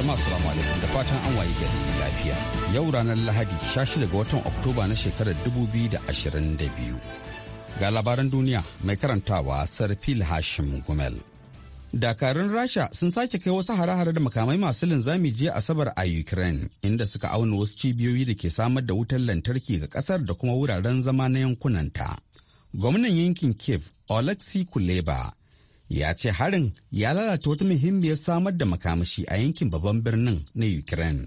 jama'a assalamu alaikum da fatan an waye gari lafiya yau ranar lahadi 16 ga watan oktoba na shekarar 2022 ga labaran duniya mai karantawa sarfil hashim gumel dakarun rasha sun sake kai wasu hare-hare da makamai masu linzami jiya asabar a ukraine inda suka auna wasu cibiyoyi da ke samar da wutar lantarki ga kasar da kuma wuraren zama na yankunanta gwamnan yankin kiev oleksiy kuleba ya ce harin ya lalata wata muhimmiyar samar da makamashi a yankin babban birnin na ukraine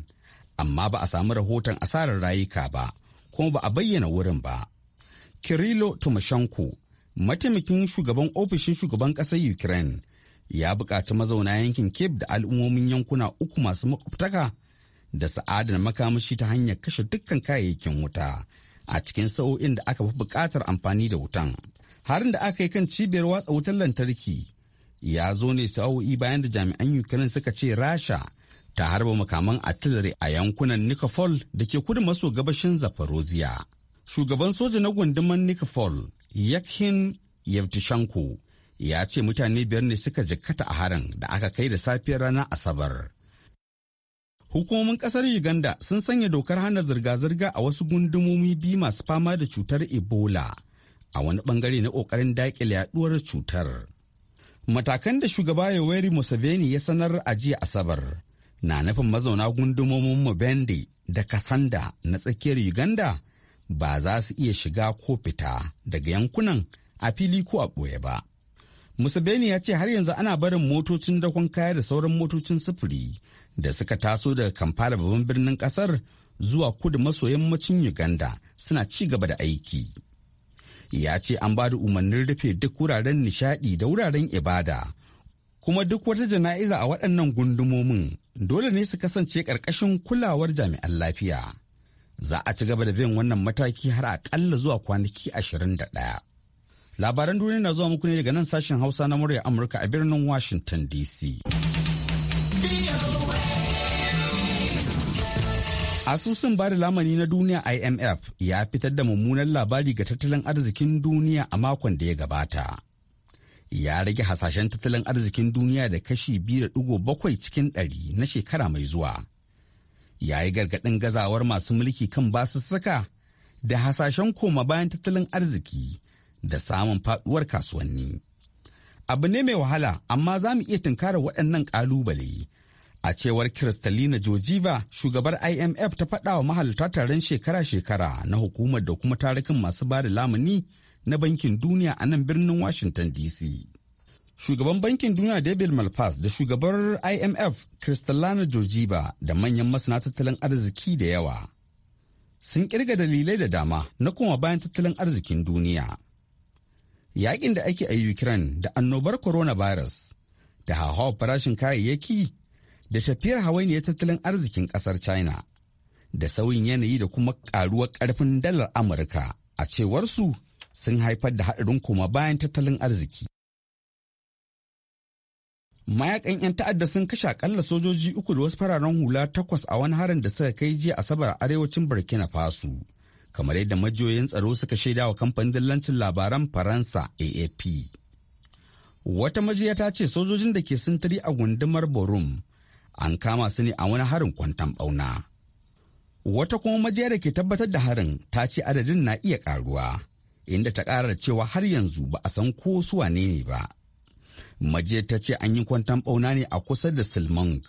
amma ba a samu rahoton asarar rayuka ba kuma ba a bayyana wurin ba kirilo tomashenko mataimakin shugaban ofishin shugaban ƙasar ukraine ya buƙaci mazauna yankin cape da al'ummomin yankuna uku masu makwabtaka da sa'adar makamashi ta hanyar kashe dukkan kayayyakin wuta a cikin sa'o'in da aka fi buƙatar amfani da wutan harin da aka yi kan cibiyar watsa wutar lantarki ya zo ne sa'o'i bayan da jami'an ukraine suka ce rasha ta harba makaman artillery a yankunan nikafol da ke kudu maso gabashin zaporozhia shugaban soja na gundumar nikafol yakhin yevtushenko ya ce mutane biyar ne suka jikkata a harin da aka kai da safiyar rana asabar hukumomin kasar uganda sun sanya dokar hana zirga-zirga a wasu gundumomi biyu masu fama da cutar ebola a wani bangare na kokarin daƙile yaduwar cutar matakan da shugaba yoweri museveni ya sanar a jiya asabar na nufin mazauna gundumomin mubende da kasanda na tsakiyar uganda ba za su iya shiga ko fita daga yankunan a fili ko a ɓoye ba museveni ya ce har yanzu ana barin motocin dakon kaya da sauran motocin sufuri da suka taso daga kamfara babban birnin kasar zuwa kudu maso yammacin uganda suna ci gaba da aiki ya ce an ba da umarnin rufe duk wuraren nishadi da wuraren ibada kuma duk wata jana'iza a waɗannan gundumomin dole ne su kasance ƙarƙashin kulawar jami'an lafiya za a ci gaba da bin wannan mataki har aƙalla zuwa kwanaki ashirin da ɗaya. labaran duniya na zuwa muku ne daga nan sashen hausa na murya amurka a birnin washington dc. Asusun bada lamani na duniya IMF ya fitar da mummunan labari ga tattalin arzikin duniya a makon da ya gabata. Ya rage hasashen tattalin arzikin duniya da kashi biyu da bakwai cikin ɗari na shekara mai zuwa. Ya yi gargaɗin gazawar masu mulki kan basussuka da hasashen koma bayan tattalin arziki da samun faɗuwar kasuwanni. Abu ne mai wahala amma za mu iya tunkara waɗannan ƙalubale A cewar Kristalina Jojiba shugabar IMF ta faɗa wa mahalarta taron shekara-shekara na hukumar da kuma tarikin masu ba lamuni na Bankin Duniya a nan birnin Washington DC. Shugaban Bankin Duniya David Malpass da shugabar IMF Kristalina Jojiba da manyan masana tattalin arziki da yawa sun kirga dalilai da dama na kuma bayan tattalin arzikin duniya. Yaƙin da ake a Ukraine da annobar coronavirus da hauhawar farashin kayayyaki da tafiyar hawainiyar tattalin arzikin kasar china da sauyin yanayi da kuma karuwar karfin dalar amurka a cewar su sun haifar da haɗarin koma bayan tattalin arziki mayakan 'yan ta'adda sun kashe akalla sojoji uku da wasu fararen hula takwas a wani harin da suka kai jiya asabar a arewacin burkina faso kamar yadda majiyoyin tsaro suka shaida wa kamfanin dillancin labaran faransa AAP. wata majiya ta ce sojojin da ke sintiri a gundumar borum an kama su ne a wani harin kwantan bauna. Wata kuma majiyar da ke tabbatar da harin ta ce adadin na iya karuwa, inda ta ƙara da cewa har yanzu ba a san ko su wane ne ba. Majiyar ta ce an yi kwantan bauna ne a kusa da Silmang,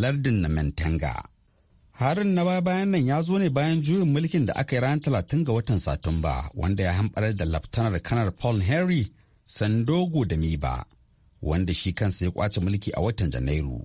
lardin na Mentanga. Harin na baya bayan nan ya zo ne bayan juyin mulkin da aka yi ranar talatin ga watan Satumba, wanda ya hamɓarar da Laftanar Kanar Paul Henry Sandogo da Miba, wanda shi kansa ya kwace mulki a watan Janairu.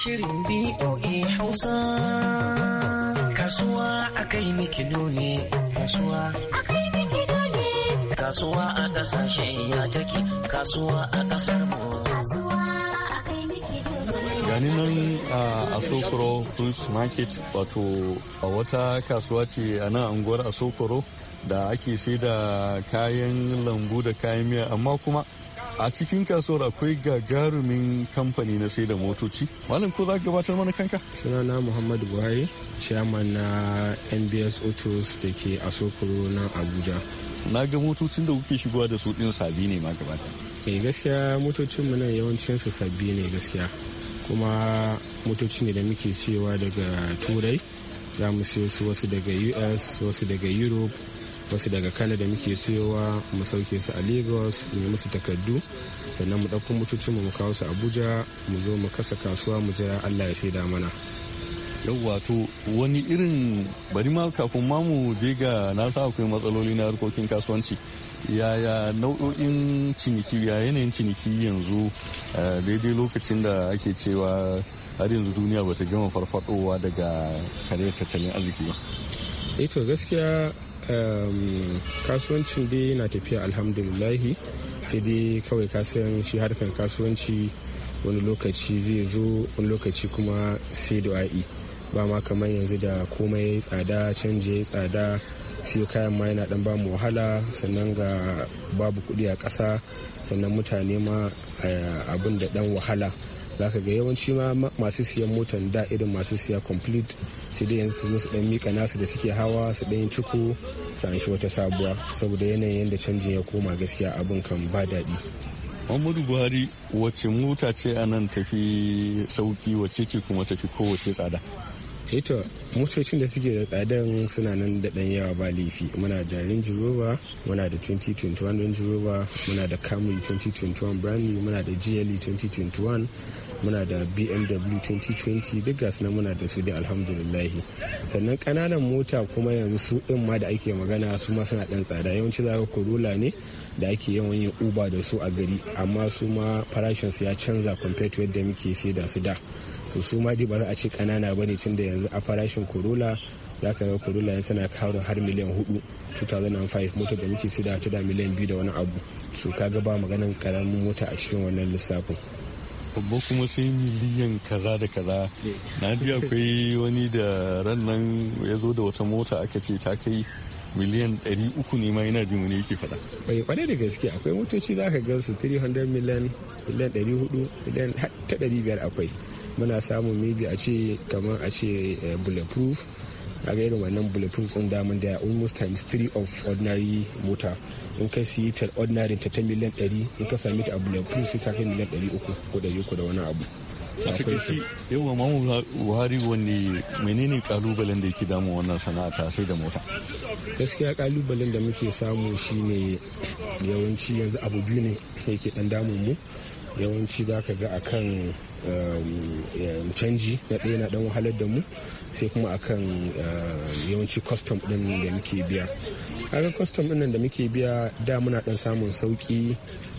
Shirin BOA Hausa. Kasuwa a kai mikido ne. Kasuwa Kasuwa a kasashe ya take. Kasuwa a kasar mu. gani nan a sokoro fruit market wato a wata kasuwa ce a nan anguwar a sokoro da ake sai da kayan lambu da kayan miya amma kuma a cikin kasuwar akwai gagarumin kamfani na sai da motoci malam ko za ka gabatar mana kanka sunana muhammadu buhari chairman na nbs autos da ke asokoro na abuja na ga motocin da kuke shigowa da su din sabi ne ma gaba eh, gaskiya motocin mu nan yawancin su sabi ne gaskiya kuma motocin ne da muke cewa daga turai za mu siyo su wasu daga us wasu daga europe wasu daga canada muke siyowa mu sauke su a lagos mu musu takardu sannan mu ɗauko motocin mu kawo su abuja mu zo mu kasa kasuwa mu jira allah ya saida mana yau wato wani irin bari ma kafin mamu je ga na sa akwai matsaloli na harkokin kasuwanci yaya nau'o'in ciniki ya yanayin ciniki yanzu eh, daidai lokacin da ake cewa har yanzu duniya bata gama farfadowa daga kare tattalin arziki ba. Eh to gaskiya kasuwancin dai yana tafiya alhamdulillahi sai dai kawai kasan shi harkan kasuwanci wani lokaci zai zo wani lokaci kuma sai du'a'i ba ma kamar yanzu da komai ya yi tsada canji ya yi tsada siyo kayan ma yana dan bamu wahala sannan ga babu kudi a ƙasa sannan mutane ma eh, abin da dan wahala za ka ga yawanci ma masu siyan motan da irin masu siya complete sai dai yanzu su su dan mika nasu da suke hawa su dan ciko su shi wata sabuwa saboda yanayin yadda canjin ya koma gaskiya abin kan ba daɗi Muhammadu Buhari wace mota ce a nan tafi sauki wace ce kuma tafi kowace tsada? Ita eh motocin da suke da tsadan suna nan da ɗan yawa ba laifi muna da Range Rover muna da 2021 Range Rover muna da Camry 2021 brand new muna da GLE 2021 muna da bmw 2020 duk gasu nan muna da su da alhamdulillahi sannan kananan mota kuma yanzu su din ma da ake magana su ma suna dan tsada yawanci za corolla ne da ake yawan yin uber da su a gari amma su ma farashinsu ya canza compared to yadda muke sai da su da to su ma ba za a ce kanana ba ne tun da yanzu a farashin corolla za ka ga corolla yanzu tana karin har miliyan hudu 2005 mota da muke sai da ta da miliyan biyu da wani abu su kaga ba maganan karamin mota a cikin wannan lissafin babba kuma sai miliyan kaza da kaza na ji akwai wani da ran nan ya zo da wata mota aka ce ta kai miliyan 300 ne ma yana jin wani yake faɗa. bai kwane da gaske akwai motoci za ka gansu 300 miliyan miliyan 400 miliyan 500 akwai muna samun maybe a ce kamar a ce eh, bulletproof na ga irin wannan bulletproof din daman da almost times 3 of ordinary mota in ka si ta ordinary ta ta miliyan 100 in ka sami ta a bulletproof sai ta kai miliyan 300 ko 300 da wani abu a takaici yawa mamu buhari wani menene kalubalen da yake damu wannan sana'a sai da mota gaskiya kalubalen da muke samu shine yawanci yanzu abu biyu ne yake dan damun mu yawanci za ka ga a kan um, um, canji na ɗaya na ɗan wahalar da mu sai kuma a kan um, yawanci kwastam ɗin da muke biya kaga kwastam ɗin da muke biya da muna ɗan samun sauki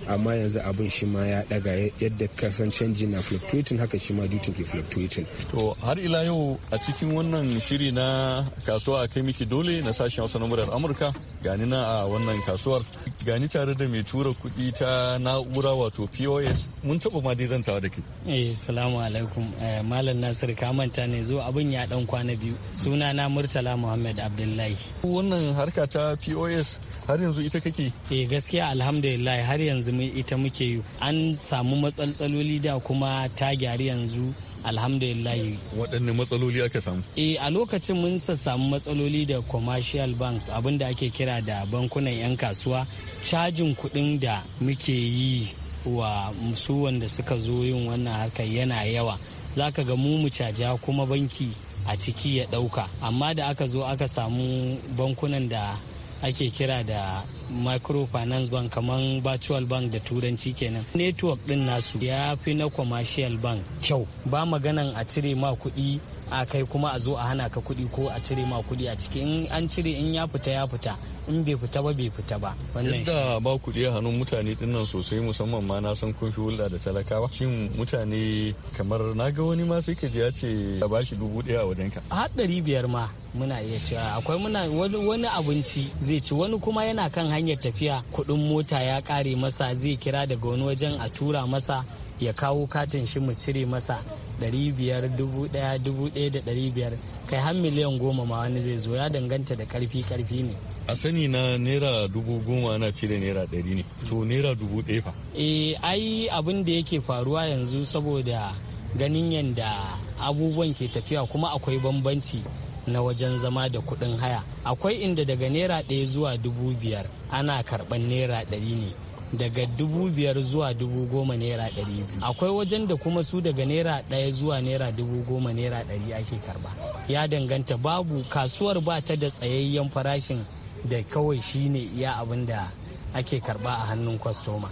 amma yanzu abin shi ma ya ɗaga yadda kasan canji na fluctuating haka shi ma dutin ke fluctuating. To har ila yau a cikin wannan shiri na kasuwa a kai miki dole na sashen hausa na murar Amurka gani na a wannan kasuwar gani tare da mai tura kuɗi ta na'ura wato pos mun taɓa ma dai zantawa da ke eh salamu alaikum eh, malam nasir ka manta ne zo abin ya dan kwana biyu suna na murtala muhammad abdullahi wannan harka ta pos har yanzu ita kake eh gaskiya alhamdulillah har yanzu ita muke yi an samu matsaltsaloli da kuma ta gyari yanzu alhamdulillahi waɗanne matsaloli aka samu e a lokacin mun samu matsaloli da commercial banks abinda ake kira da bankunan 'yan kasuwa cajin kuɗin da muke yi wa su wanda suka zo yin wannan harkar yana yawa za ka ga mu mu caja kuma banki a ciki ya ɗauka amma da aka zo aka samu bankunan da ake kira da microfinance bank kaman virtual bank da turanci kenan network din nasu ya fi na commercial bank kyau ba maganan a cire ma kuɗi a kai kuma a zo a hana ka kuɗi ko a cire ma kuɗi a ciki in an cire in ya fita ya fita in bai fita ba bai fita ba wannan yadda ba kuɗi a hannun mutane dinnan sosai musamman ma na san kun fi hulɗa da talakawa shin mutane kamar na ga wani ma sai ka ji ya ce ba shi dubu ɗaya a wajen ka. a ɗari biyar ma muna iya cewa akwai muna wani abinci zai ci wani kuma yana kan hanya hanyar tafiya kuɗin mota ya ƙare masa zai kira daga wani wajen a tura masa ya kawo katin shi mu cire masa ɗari biyar dubu ɗaya dubu ɗaya da ɗari biyar kai har miliyan goma ma wani zai zo ya danganta da ƙarfi ƙarfi ne a sani na naira dubu goma ana cire naira ɗari ne to naira dubu ɗaya fa eh ai abin da yake faruwa yanzu saboda ganin yadda abubuwan ke tafiya kuma akwai bambanci na wajen zama da kuɗin haya akwai inda daga naira ɗaya zuwa dubu biyar ana karɓar naira ɗari ne daga dubu biyar zuwa dubu goma naira ɗari biyu akwai wajen da kuma su daga naira ɗaya zuwa naira dubu goma naira ɗari ake karba ya danganta babu kasuwar ba ta da tsayayyen farashin da kawai shine iya abin da ake karba a hannun kwastoma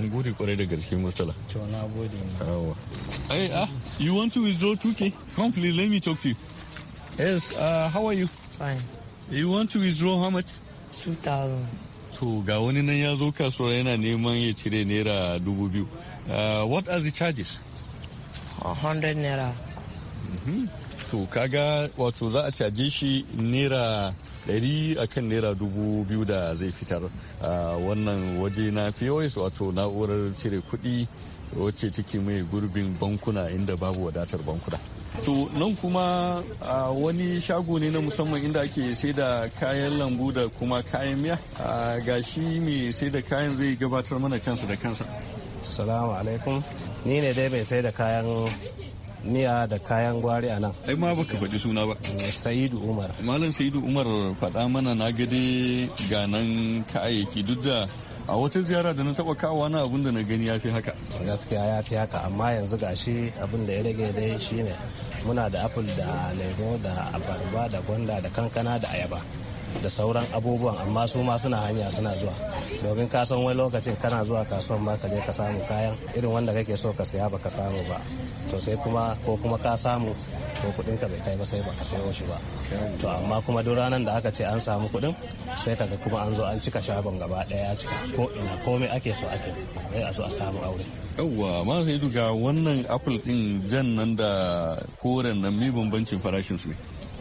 Ni gode kwarai da gaske matsala To na gode. Yawa. Ai eh, ah, you want to withdraw 2K? Come please let me talk to you. Yes, uh, how are you? Fine. You want to withdraw how much? 2,000. To ga wani nan ya zo kasuwar yana neman ya cire naira dubu biyu. Uh, what are the charges? 100 naira. Mm-hmm. To kaga wato za a caje shi naira ɗari a kan naira dubu biyu da zai fitar a uh, wannan waje na pos wato na'urar cire kuɗi wacce take mai gurbin bankuna inda babu wadatar bankuna. to nan kuma a wani shago ne na musamman inda ake sai da kayan lambu da kuma kayan miya ga shi mai sai da kayan zai gabatar mana kansa da kansa salamu alaikum ni ne dai mai sai da kayan miya da kayan gwari a nan. Ai ma baka faɗi suna ba. Eh, Sa'idu Umar. Malam Sa'idu Umar faɗa mana na gade ga nan kayayyaki duk da a wata ziyara da na taba kawo na abin da na gani ya fi haka gaskiya ya fi haka amma yanzu gashi abin da ya rage dai shine muna da apple da lemo da abarba da gwanda da kankana da ayaba da sauran abubuwan amma su ma suna hanya suna zuwa domin ka san wani lokacin kana zuwa kasuwan ma ka je ka samu kayan irin wanda kake so ka saya baka samu ba to sai kuma ko kuma ka samu ko kuɗin ka bai kai ba sai ba sayo shi ba to amma kuma duk ranar da aka ce an samu kuɗin sai kaga kuma an zo an cika shagon gaba daya ya cika ko ina komai ake so ake sai a zo a samu aure yawwa ma sai ga wannan apple din jan nan da koren nan mi bambancin farashin su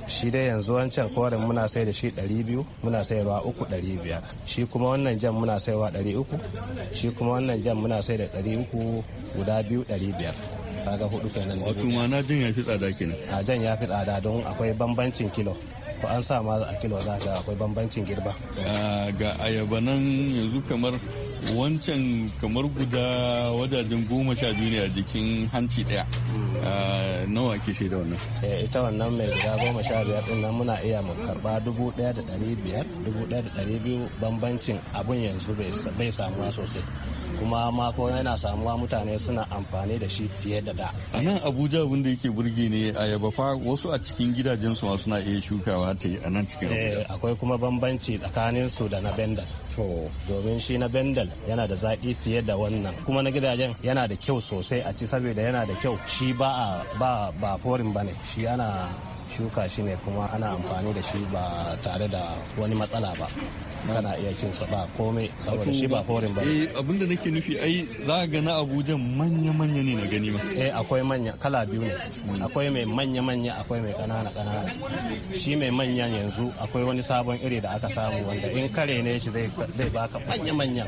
shi dai yanzu wancan koren muna sai da shi 200 muna sayarwa 300 shi kuma wannan jan muna sayarwa 300 shi kuma wannan jan muna sai da 300 guda biyu 500 kaga hudu kenan wato ma na jan ya fi tsada kenan a jan ya fi tsada don akwai bambancin kilo ko an sa ma a kilo za ga akwai bambancin girba ah, ga ayaba nan yanzu kamar wancan kamar guda wadadin goma sha biyu ne a jikin hanci daya mm. ah, nawa ke shaida wannan eh, ita wannan mai guda goma sha biyar din nan muna iya mu karba dubu daya da dari biyar dubu daya da dari biyu bambancin abun yanzu bai samuwa sosai kuma mako yana samuwa mutane suna amfani da shi fiye da da a nan abuja wanda yake burge ne ayaba fa wasu a cikin gidajen su suna iya shukawa ta yi a nan cikin abuja eh, akwai kuma bambanci tsakanin su da na bendal to domin shi na bendal yana da zaƙi fiye da wannan kuma na gidajen yana da kyau sosai a ci saboda yana da kyau shi ba ba ba forin bane shi ana shuka shi ne kuma ana amfani da shi ba tare da wani matsala ba kana iya cin sa ba komai saboda shi ba forin ba eh abin da nake nufi ai za ga na Abuja manya manya ne na gani ma eh akwai manya kala biyu ne akwai mai manya manya akwai mai kanana kanana shi mai manya yanzu akwai wani sabon iri da aka samu wanda in kare ne shi zai zai baka manya manya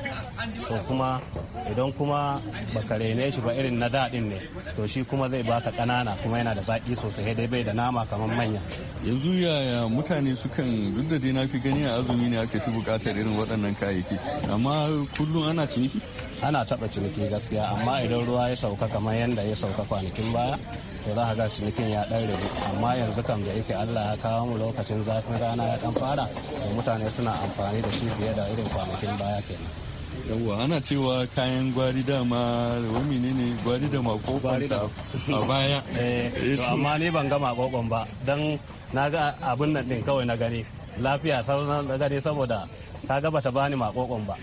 so kuma idan kuma kare ne shi ba irin na dadin ne to shi kuma zai baka kanana kuma yana da zaki sosai dai bai da nama kamar manya yanzu yaya mutane sukan duk da dai na fi gani a azumi ne aka fi bukatar irin waɗannan kayayyaki amma kullum ana ciniki ana taɓa ciniki gaskiya amma idan ruwa ya sauka kamar yadda ya sauka kwanakin baya to za a ga cinikin ya ɗan rabu amma yanzu kam da yake Allah ya kawo mu lokacin zafin rana ya ɗan fara to mutane suna amfani da shi fiye da irin kwanakin baya kenan yawwa ana cewa kayan gwari dama da wani ne gwari da mako a baya eh, to amma ne ban gama kokon ba don na ga abin nan din kawai na gani lafiya sauran na gani saboda kaga bata bani makokon ba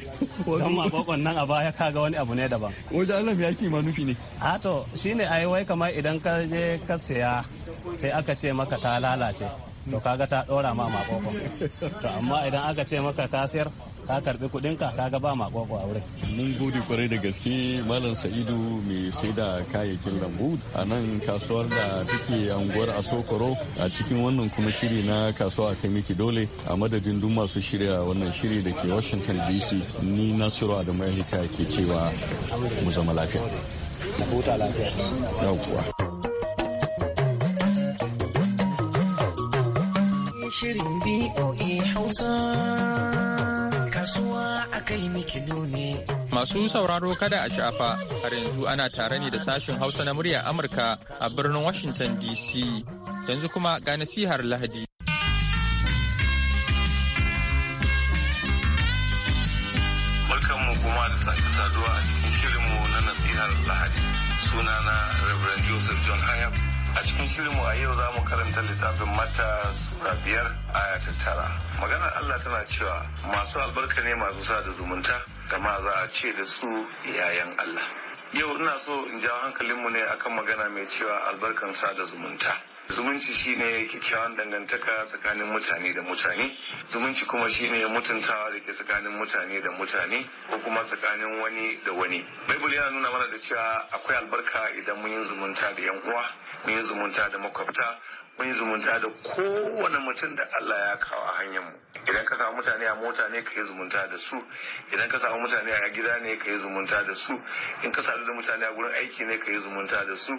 don makokon nan a baya kaga wani abu ne daban wajen Allah ya ki nufi ne a to shine ai wai kamar idan ka je ka siya sai aka ce maka ta lalace to kaga ta dora ma makokon to amma idan aka ce maka ka siyar ka karbi kuɗin ka kaga ba ma kwakwa a wurin mun gode kwarai da gaske malam sa'idu mai sai da kayayyakin lambu a nan kasuwar da take anguwar asokoro a cikin wannan kuma shiri na kasuwa kai miki dole a madadin duk masu shirya wannan shiri da ke washington dc ni nasiru adamu yalika ke cewa mu zama lafiya huta lafiya yawwa shirin boa hausa kasuwa a kai ne. Masu sauraro kada a shafa har yanzu ana tare ne da sashin Hausa na murya Amurka a birnin Washington DC. Yanzu kuma ga nasihar Lahadi. kuma da sake saduwa a cikin shirinmu na nasihar Lahadi. Sunana Reverend Joseph John Hayab. a cikin shirinmu a yau za mu karanta littafin mata sura biyar aya ta tara maganar allah tana cewa masu albarka ne masu sa da zumunta gama za a ce da su yayan allah yau ina so in jawo hankalinmu ne akan magana mai cewa albarkan sa da zumunta zumunci shine kyakkyawan dangantaka tsakanin mutane da mutane zumunci kuma shine mutuntawa da ke tsakanin mutane da mutane ko kuma tsakanin wani da wani baibul yana nuna mana da cewa akwai albarka idan mun yi zumunta da yan uwa mu yi zumunta da makwabta mun zumunta da kowane mutum da Allah ya kawo a hanyar mu idan ka samu mutane a mota ne ka yi zumunta da su idan ka samu mutane a gida ne ka yi zumunta da su in ka sadu da mutane a gurin aiki ne ka yi zumunta da su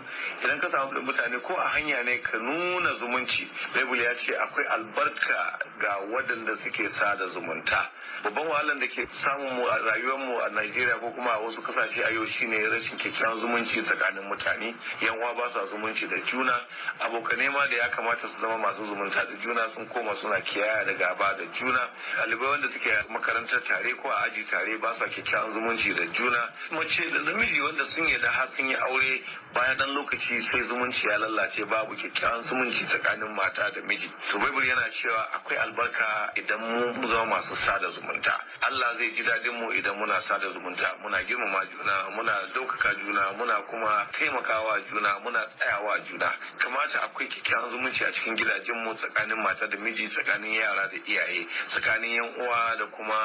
idan ka samu mutane ko a hanya ne ka nuna zumunci bebul ya ce akwai albarka ga waɗanda suke sada zumunta babban wahalar da ke samun mu a rayuwar mu a Najeriya ko kuma a wasu kasashe a yau shine rashin kyakkyawan zumunci tsakanin mutane yan uwa ba sa zumunci da juna abokanai ma da ya kamata su zama masu zumunta da juna sun koma suna kiyaye da gaba da juna ɗalibai wanda suke makarantar tare ko a aji tare ba sa kyakkyawan zumunci da juna mace da namiji wanda sun yi da sun yi aure bayan dan lokaci sai zumunci ya lallace babu kyakkyawan zumunci tsakanin mata da miji to bible yana cewa akwai albarka idan mu zama masu sada zumunta Allah zai ji dadin mu idan muna sada zumunta muna girmama juna muna daukaka juna muna kuma taimakawa juna muna tsayawa juna kamata akwai kyakkyawan zumunci a cikin gidajen mu tsakanin mata da miji tsakanin yara da iyaye tsakanin yan uwa da kuma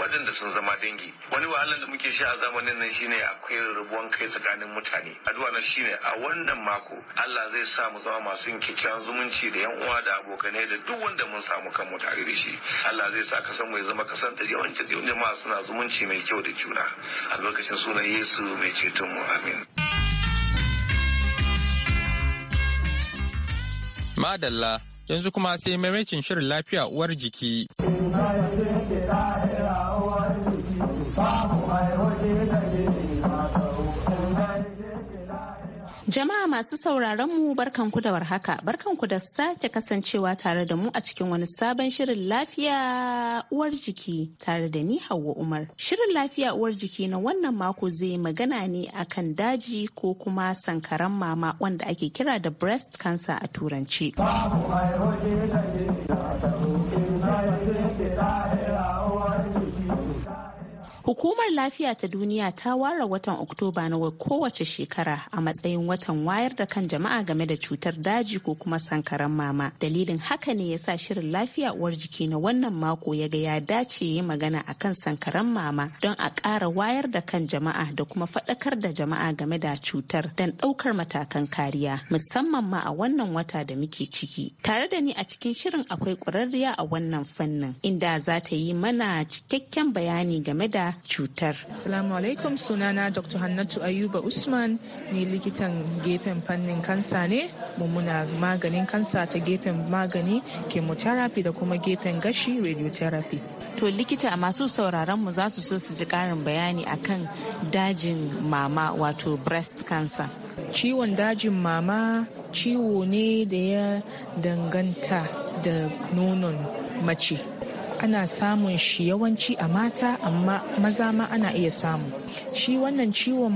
waɗanda sun zama dangi wani wahalar da muke sha a zamanin nan shine akwai rabuwan kai tsakanin mutane addu'a na shine a wannan mako Allah zai sa mu zama masu kyakkyawan zumunci da yan uwa da abokanai da duk wanda mun samu mu tare da shi Allah zai sa kasan mu ya zama kasan ta yawancin jama'a suna zumunci mai kyau da juna albarkacin sunan Yesu mai ceton mu amin Madalla yanzu kuma sai maimacin shirin lafiya uwar jiki. Jama'a masu sauraron mu barkanku da warhaka, barkanku da sake kasancewa tare da mu a cikin wani sabon shirin lafiya uwar jiki tare da ni Hauwa Umar. Shirin lafiya uwar jiki na wannan mako zai magana ne akan daji ko kuma sankaran mama wanda ake kira da breast cancer a turanci. Hukumar Lafiya ta Duniya ta ware watan Oktoba na kowace shekara a matsayin watan wayar da kan jama'a game da cutar daji ko kuma sankaran mama. Dalilin haka ne ya sa shirin lafiya uwar jiki na wannan mako ya ga ya dace yi magana a kan sankaran mama don a ƙara wayar da kan jama'a da kuma faɗakar da jama'a game da cutar don ɗaukar matakan kariya musamman ma a wannan wata da muke ciki. Tare da ni a cikin shirin akwai ƙwararriya a wannan fannin inda za ta yi mana cikakken bayani game da cutar. Salamu alaikum sunana Dr. Hannatu Ayuba Usman ni likitan gefen fannin kansa ne mummuna maganin kansa ta gefen magani chemotherapy da kuma gefen gashi radiotherapy. To likita masu sauraron mu za su so su ji karin bayani akan dajin mama wato breast cancer. Ciwon dajin mama ciwo ne da ya danganta da nonon mace. ana samun shi yawanci a mata amma maza ma ana iya samu shi wannan ciwon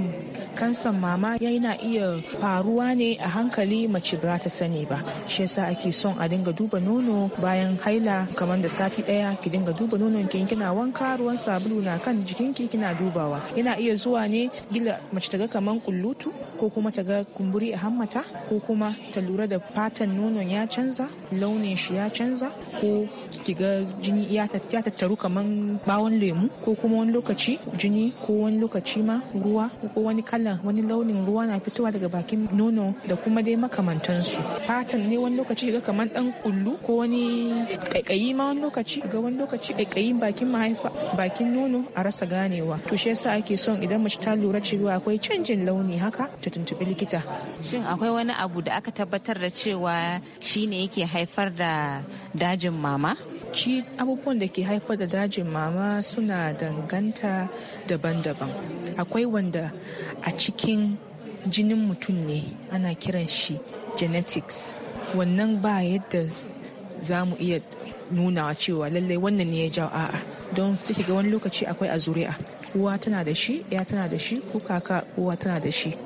kansan mama yana iya faruwa ne a hankali mace ba ta sani ba shi yasa ake son a dinga duba nono bayan haila kamar da sati daya ki dinga duba nonon ki kina wanka ruwan sabulu na kan jikin jikinki kina dubawa yana iya zuwa ne gila mace ta ga kamar kullutu ko kuma ta kumburi a hammata ko kuma ta lura da fatan nonon ya canza launin shi ya canza ko ki ga jini ya tattaru kamar bawon lemu ko kuma wani lokaci jini ko wani lokaci ma ruwa ko wani kalan wannan wani launin ruwa na fitowa daga bakin nono da kuma dai makamantansu fatan ne wani lokaci ga kamar dan kullu ko wani kaikayi ma wani lokaci ga wani lokaci kaikayin bakin mahaifa bakin nono a rasa ganewa to shi yasa ake son idan mace ta lura cewa akwai canjin launi haka ta tuntubi likita shin akwai wani abu da aka tabbatar da cewa shine yake haifar da dajin mama ki abubuwan da ke haifar da dajin mama suna danganta daban-daban akwai wanda a cikin jinin mutum ne ana kiran shi genetics wannan ba yadda za mu iya nunawa cewa lallai wannan ne ya jawo a'a don suke ga wani lokaci akwai a zuri'a uwa tana da shi ya tana da shi ko kaka uwa tana da shi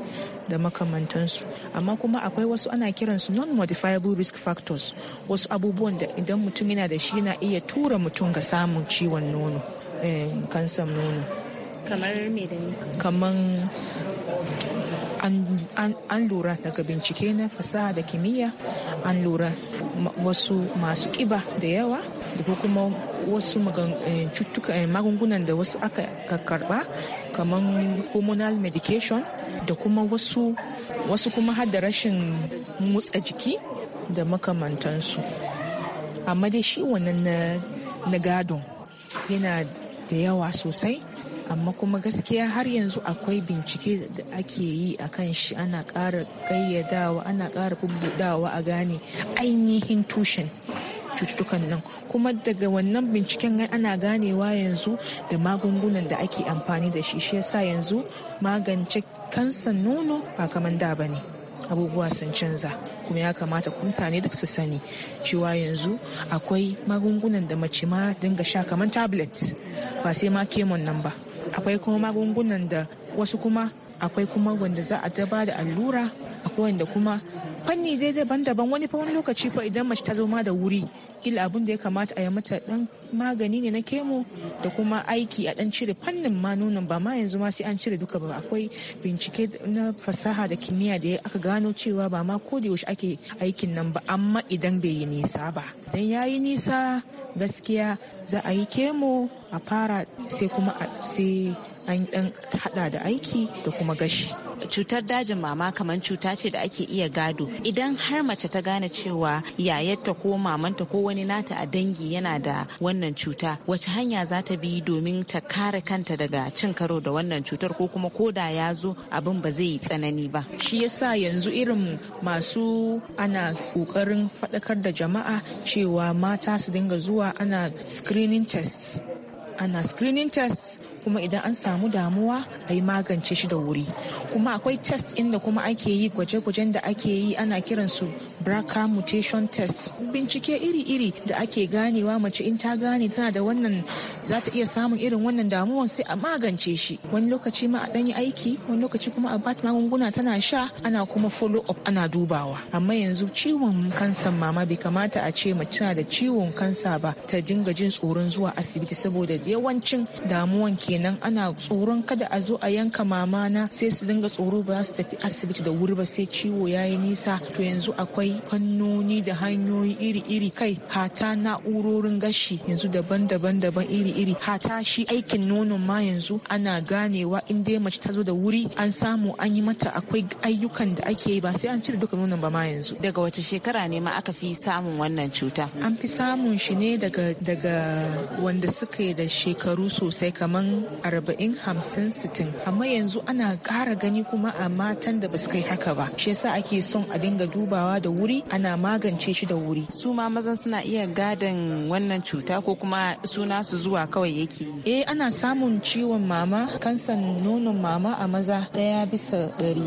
da makamantansu amma kuma akwai wasu ana kiransu non-modifiable risk factors wasu abubuwan da idan mutum yana da shi na iya tura mutum ga samun ciwon nono eh, kansan nono kamar kamar an lura daga bincike na fasaha da kimiyya an lura wasu masu kiba da yawa da kuma wasu eh, eh, magungunan da wasu aka karba kamar hormonal medication da kuma wasu wasu kuma har da rashin motsa jiki da makamantansu amma dai shi wannan na gadon yana da yawa sosai amma kuma gaskiya har yanzu akwai bincike da ake yi a kan shi ana ƙara ƙayyadawa ana ƙara bubbudawa a gane ainihin tushen cututtukan nan kuma daga wannan binciken ana ganewa yanzu da magungunan da ake amfani da shi shi yasa yanzu magance kansan nono ba kamar da ba ne abubuwa sun canza kuma ya kamata mutane duk su sani cewa yanzu akwai magungunan da mace ma dinga sha kamar tablet ba sai ma kemon nan ba akwai kuma magungunan da wasu kuma akwai kuma wanda za a ta ba da allura akwai wanda kuma fanni dai daban-daban wani fa wani lokaci fa idan mace ta zo ma da wuri kila abun da ya kamata a yi mata dan magani ne na kemo da kuma aiki a dan cire fannin ma nonon ba ma yanzu ma sai an cire duka ba akwai bincike na fasaha da kimiyya da aka gano cewa ba ma ko da yaushe ake aikin nan ba amma idan bai yi nisa ba dan yayi nisa gaskiya za a yi kemo a fara sai kuma a sai an dan hada da aiki da kuma gashi cutar dajin mama kamar cuta ce da ake iya gado idan har mace ta gane cewa yayarta ko mamanta ko wani nata a dangi yana da wannan cuta wace hanya za ta bi domin ta kare kanta daga cin karo da wannan cutar ko kuma ko da ya zo abin ba zai yi tsanani ba shi yasa yanzu irin masu ana kokarin faɗakar da jama'a cewa mata su dinga zuwa ana screening tests ana screening tests kuma idan an samu damuwa a yi magance shi da wuri kuma akwai test inda kuma ake yi gwaje-gwajen da ake yi ana kiransu. BRCA mutation test bincike iri-iri da ake ganewa mace in ta gane tana da wannan za ta iya samun irin wannan damuwan sai a magance shi wani lokaci ma a dan yi aiki wani lokaci kuma a bata magunguna tana sha ana kuma follow up ana dubawa amma yanzu ciwon kansan mama bai kamata a ce mace tana da ciwon kansa ba ta dinga jin tsoron zuwa asibiti saboda yawancin damuwan kenan ana tsoron kada a zo a yanka mama na sai su dinga tsoro ba su tafi asibiti da wuri ba sai ciwo yayi nisa to yanzu akwai fannoni da hanyoyi iri-iri kai hata na'urorin gashi yanzu daban-daban daban iri-iri hata shi aikin nonon ma yanzu ana ganewa in dai mace ta zo da wuri an samu an yi mata akwai ayyukan da ake yi ba sai an cire duka nonon ba ma yanzu daga wace shekara ne ma aka fi samun wannan cuta an fi samun shi ne daga daga wanda suka da shekaru sosai kaman arba'in hamsin sitin amma yanzu ana ƙara gani kuma a matan da ba su kai haka ba shi yasa ake son a dinga dubawa da wuri wuri ana magance shi da wuri su ma mazan suna iya gadon wannan cuta ko kuma suna su zuwa kawai yake eh ana samun ciwon mama kansan nonon mama a maza daya bisa ɗari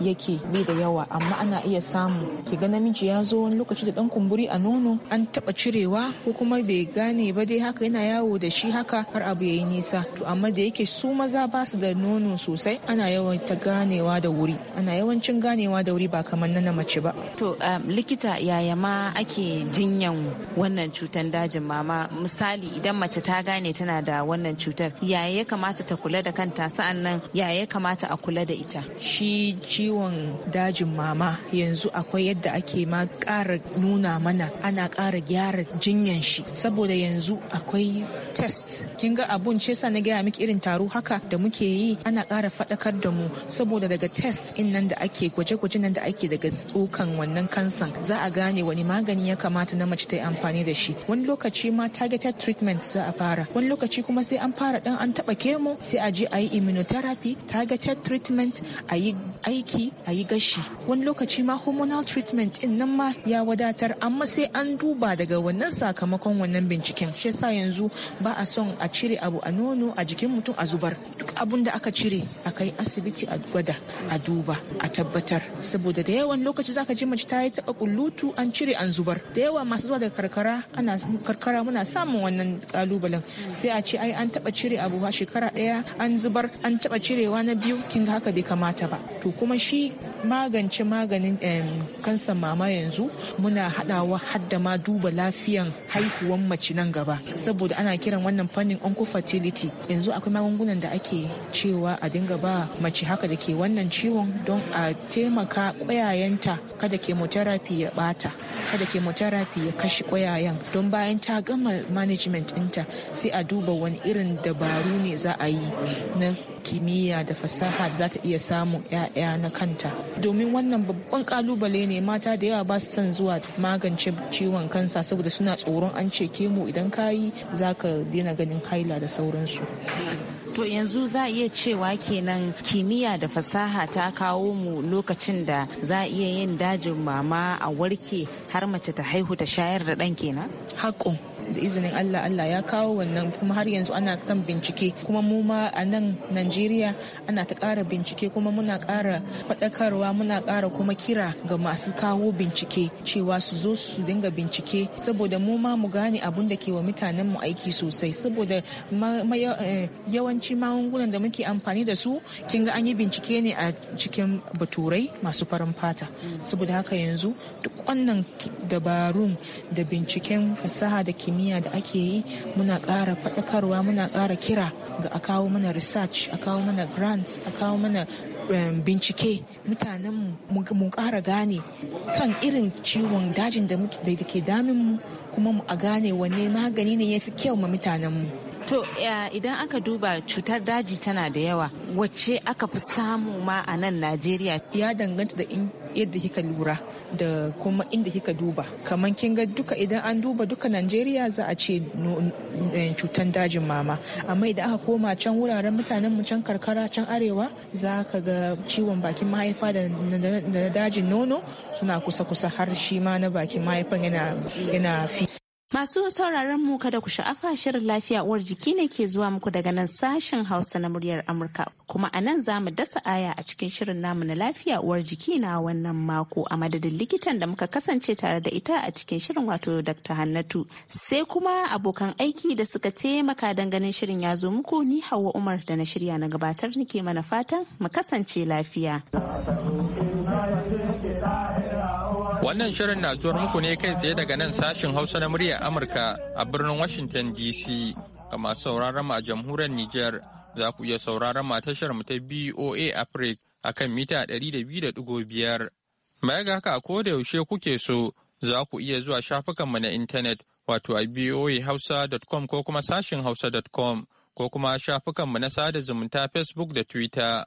yake bi da yawa amma ana iya samu ki ga namiji ya zo wani lokaci da dan kumburi a nono an taba cirewa ko kuma bai gane ba dai haka yana yawo da shi haka har abu yayi nisa to amma da yake su maza ba su da nono sosai ana yawan ta ganewa da wuri ana yawancin ganewa da wuri ba kamar na mace ba to um, likita yaya ma ake jinyan wannan cutan dajin mama misali idan mace ta gane tana da wannan cutar yaya ya kamata ta kula da kanta sa'annan yaya ya kamata a kula da ita shi ciwon dajin mama yanzu akwai yadda ake ma ƙara nuna mana ana kara gyara jinyan shi saboda yanzu akwai test kin ga abun ce sa na gaya miki irin taro haka da muke yi ana kara faɗakar da mu saboda daga test in nan da ake gwaje-gwaje nan da ake daga tsokan wannan kansan za a gane wani magani ya kamata na mace ta yi amfani da shi wani lokaci ma targeted treatment za a fara wani lokaci kuma sai an fara dan an taɓa kemo sai a je a yi immunotherapy targeted treatment a yi aiki wanki a yi gashi wani lokaci ma hormonal treatment din nan ma ya wadatar amma sai an duba daga wannan sakamakon wannan binciken shi yasa yanzu ba a son a cire abu a nono a jikin mutum a zubar duk abun da aka cire a kai asibiti a gwada a duba a tabbatar saboda da yawan lokaci zaka ji mace ta yi taba kullutu an cire an zubar da yawa masu zuwa daga karkara ana karkara muna samun wannan kalubalen sai a ce ai an taba cire abu shekara daya an zubar an taba cirewa na biyu kinga haka bai kamata ba to kuma shi magance maganin kansan mama yanzu muna haɗawa hadda ma duba lafiyan haihuwan mace nan gaba saboda ana kiran wannan fannin fertility yanzu akwai magungunan da ake cewa a dinga ba mace haka da ke wannan ciwon don a taimaka kwayayenta kada chemotherapy ya bata kada chemotherapy ya kashe ƙwayayen don bayan ta gama management ɗinta sai a duba wani irin dabaru ne za a yi na kimiyya da fasaha za ta iya samun 'ya'ya na kanta domin wannan babban kalubale ne mata da yawa ba su son zuwa magance ciwon kansa saboda suna tsoron an ce kemo idan kayi za ka daina ganin haila da sauransu to yanzu za a iya cewa kenan kimiyya da fasaha ta kawo mu lokacin da za a iya yin dajin mama a warke har mace ta haihu ta shayar da ɗan kenan haƙo da izinin Allah Allah ya kawo wannan kuma har yanzu ana kan bincike kuma mu ma a nan Najeriya ana ta kara bincike kuma muna kara faɗakarwa muna kara kuma kira ga masu kawo bincike cewa su zo su dinga bincike saboda mu ma mu gane abun da ke wa mutanen mu aiki sosai saboda eh, yawanci magungunan da muke amfani da su kin ga an yi bincike ne a cikin baturai masu farin fata saboda haka yanzu duk wannan dabarun da binciken fasaha da ke. kimiyya da ake yi muna ƙara faɗakarwa muna ƙara kira ga a kawo mana research a kawo mana grants a kawo mana bincike mutanen mu ƙara gane kan irin ciwon dajin da ke damin mu kuma a gane wanne magani ne ya fi kyau ma mutanen mu To idan aka duba cutar daji tana da yawa wacce aka fi samu ma a nan Najeriya. Ya danganta da yadda kika lura da kuma inda kika duba. Kamar kin ga duka idan an duba duka Najeriya za a ce eh, cutar dajin mama. Amma idan aka koma can wuraren mutanen mu can karkara can arewa za ka ga ciwon bakin mahaifa da dajin nono suna kusa-kusa har shi ma na bakin mahaifan yana fi. Masu sauraron mu kada ku sha'afa shirin lafiya uwar jiki ne ke zuwa muku daga nan sashen Hausa na muryar Amurka. Kuma a nan za mu dasa aya a cikin shirin namu na lafiya uwar jiki na wannan mako a madadin likitan da muka kasance tare da ita a cikin shirin wato Dr. Hannatu. Sai kuma abokan aiki da suka taimaka don ganin shirin ya zo muku ni Hauwa Umar da na shirya na gabatar nike mana fatan mu kasance lafiya. Wannan shirin na zuwar muku ne kai tsaye daga nan sashin Hausa na muryar Amurka a birnin Washington DC. Ga masu sauraron a jamhuriyar Niger za ku iya sauraron ma tashar mu ta BOA Africa a kan mita 200.5. Baya ga haka ko da yaushe kuke so za ku iya zuwa shafukan mu na intanet wato a boahausa.com ko kuma sashin hausa.com ko kuma shafukanmu na sada zumunta Facebook da Twitter.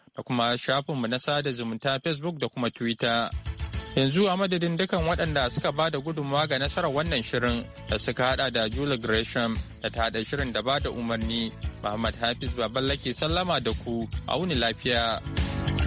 da kuma mu na sada zumunta Facebook da kuma Twitter. Yanzu a madadin dukan waɗanda suka ba da gudunmawa ga nasarar wannan shirin da suka haɗa da Julie Gresham da ta haɗa shirin da ba da umarni, Muhammad Hafiz Baballake sallama da ku, a wuni lafiya.